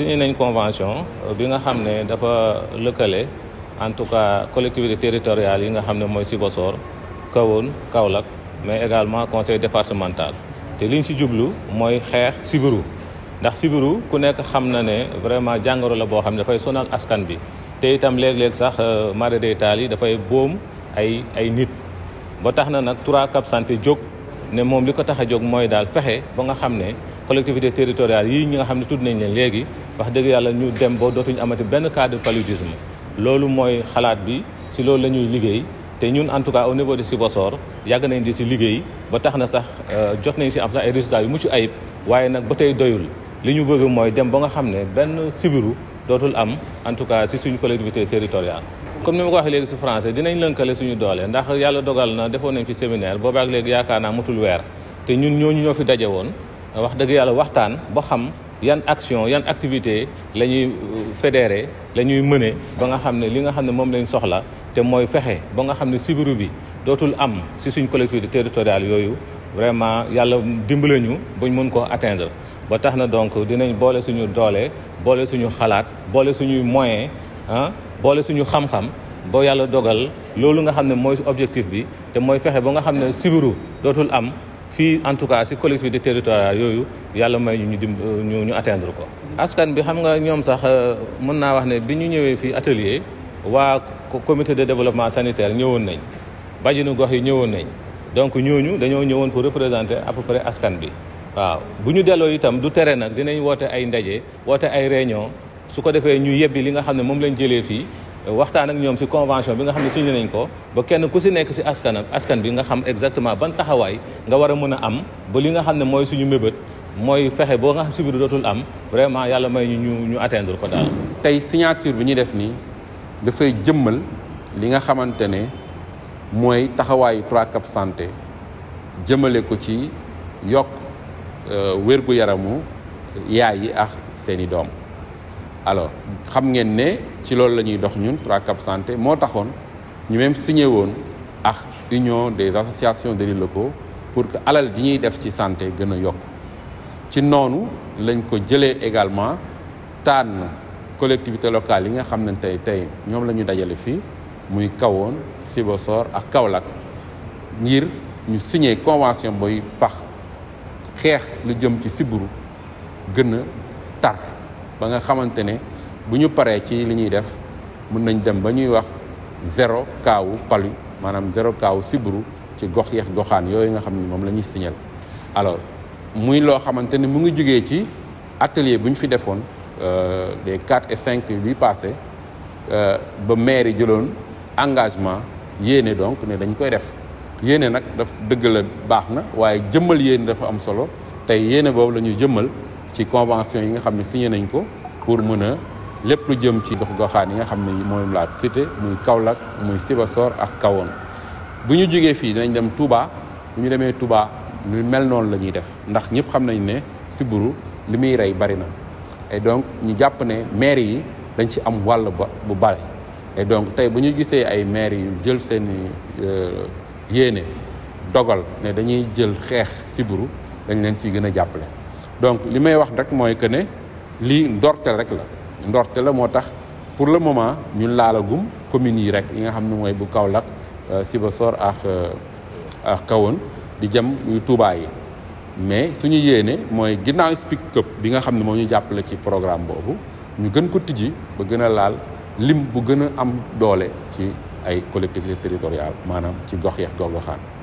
signé nañ convention bi nga xam ne dafa lëkkale en tout cas collectivité territoriale yi nga xam ne mooy Sibassor Kahone Kaolack mais également conseil départemental te liñ ci jublu mooy xeex sibiru ndax sibiru ku nekk xam na ne vraiment jàngoro la boo xam ne dafay sonal askan bi te itam léeg-léeg sax marée des taal yi dafay boom ay ay nit ba tax na nag 3 Cap Santé jóg ne moom li ko tax a jóg mooy daal fexe ba nga xam ne collectivité territoriale yi ñi nga xam ne tudd nañ leen léegi wax deug yàlla ñu dem bo dootuñ amati ben cas de paludisme lolu moy xalaat bi ci lolu lañuy ñuy liggéey te ñun en tout cas au niveau de Sibosor yag nañ di ci liggéey ba tax na sax jot nañ ci am sax ay résultats yu mucc ayib waye nak ba tey doyul li ñu bëgg moy dem ba nga xamné ben sibiru dootul am en tout cas ci suñu collectivité territoriale. comme ni ma ko waxee légui ci français dinañ lënkale suñu doole ndax yàlla dogal na defo nañ fi séminaire boobaak légui yaakaar naa matul weer te ñun ñooñu ñoo fi daje won wax deug yàlla waxtaan ba xam. yan action yan activité lañuy une euh, fédéré les ñuy ba nga xamné li nga xamné mom lañ soxla té moy fexé ba nga xamné sibiru bi dotul am ci suñ collectivité territoriale yoyu vraiment yalla dimbale ñu buñ mën ko atteindre ba donc dinañ bolé suñu doole bolé suñu xalaat bolé suñu moyen ah hein, bolé suñu xam-xam bo yalla dogal loolu nga xamné moy objectif bi té moy fexé ba nga xamné sibiru am fii en tout cas si collectivité territoriale yooyu yàlla may ñu dim ñu ñu atteindre ko. askan bi xam nga ñoom sax euh, mën naa wax ne bi ñu ñëwee fii atelier waa comité de développement sanitaire ñëwoon nañ bajenu gox yi ñëwoon nañ donc ñooñu dañoo ñëwoon pour représenter à peu près askan bi. waaw bu ñu delloo itam du tere nag dinañ woote ay ndaje woote ay réunion su ko defee ñu yebbi li nga xam ne moom lañ jëlee fii. waxtaan ak ñoom si convention bi nga xam ne signé nañ ko ba kenn ku si nekk si askan askan bi nga xam exactement ban taxawaay nga war a mën a am ba li nga xam ne mooy suñu mébét mooy fexe boo nga xam si biir dootul am vraiment yàlla may ñu ñu atteindre ko daal. tey signature bi ñu def nii dafay jëmmal li nga xamante ne mooy taxawaayu 3 santé jëmale ko ci yokk euh, wér-gu-yaramu yaay yi ak seeni doom. alors xam ngeen ne ci loolu la ñuy dox ñun trois cap santé moo taxoon ñu même signé woon ak union des associations de d'élus locaux pour que alal di ñuy def ci santé gën a yokk ci noonu lañ ko jëlee également tànn collectivité locale yi nga xam ne tey tey ñoom la ñu dajale fii muy Kahone Sibassor ak Kaolack ngir ñu signé convention boy pax xeex lu jëm ci siburu gën a tar ba nga xamante ne bu ñu paree ci li ñuy def mën nañ dem ba ñuy wax zéro kaawu palu maanaam zéro kaawu sibbiru ci gox yeex goxaan yooyu nga xam ni moom la ñuy signal alors muy loo xamante ne mu ngi jógee ci atelier bu ñu fi defoon les euh, 4 et 5 bi passé euh, ba maire yi jëloon engagement yéene donc ne dañ koy def yéene nag daf dëgg la baax na waaye jëmmal yéene dafa am solo tey yéene boobu la ñuy jëmmal ci convention yi nga xam ne signé nañ ko pour mën a lépp lu jëm ci dox goxaan yi nga xam ne moom laa cité muy Kaolack muy Sibassor ak Kahone bu ñu jógee fii dinañ dem Touba bu ñu demee Touba lu mel noonu la ñuy def ndax ñëpp xam nañ ne siburu li muy rey bari na donc ñu jàpp ne maire yi dañ ci am wàll ba bu bare et donc tey bu ñu gisee ay maire yu jël seeni euh, yéene dogal ne dañuy jël xeex siburu dañ leen ciy gën a jàppale donc li may wax rek mooy que ne lii ndorteel rek la ndorteel la moo tax pour le moment ñu laalagum communes yi rek yi nga xam ne mooy bu Kaolack euh, Sibassor ak euh, ak Kahone di jëm yu Touba yi mais suñu yéene mooy ginnaaw Speak Up bi nga xam ne moo ñu jàppale ci programme boobu ñu gën ko tijji ba gën a laal lim bu gën a am doole ci ay collectivités territoriales maanaam ci gox yeex gox goxaan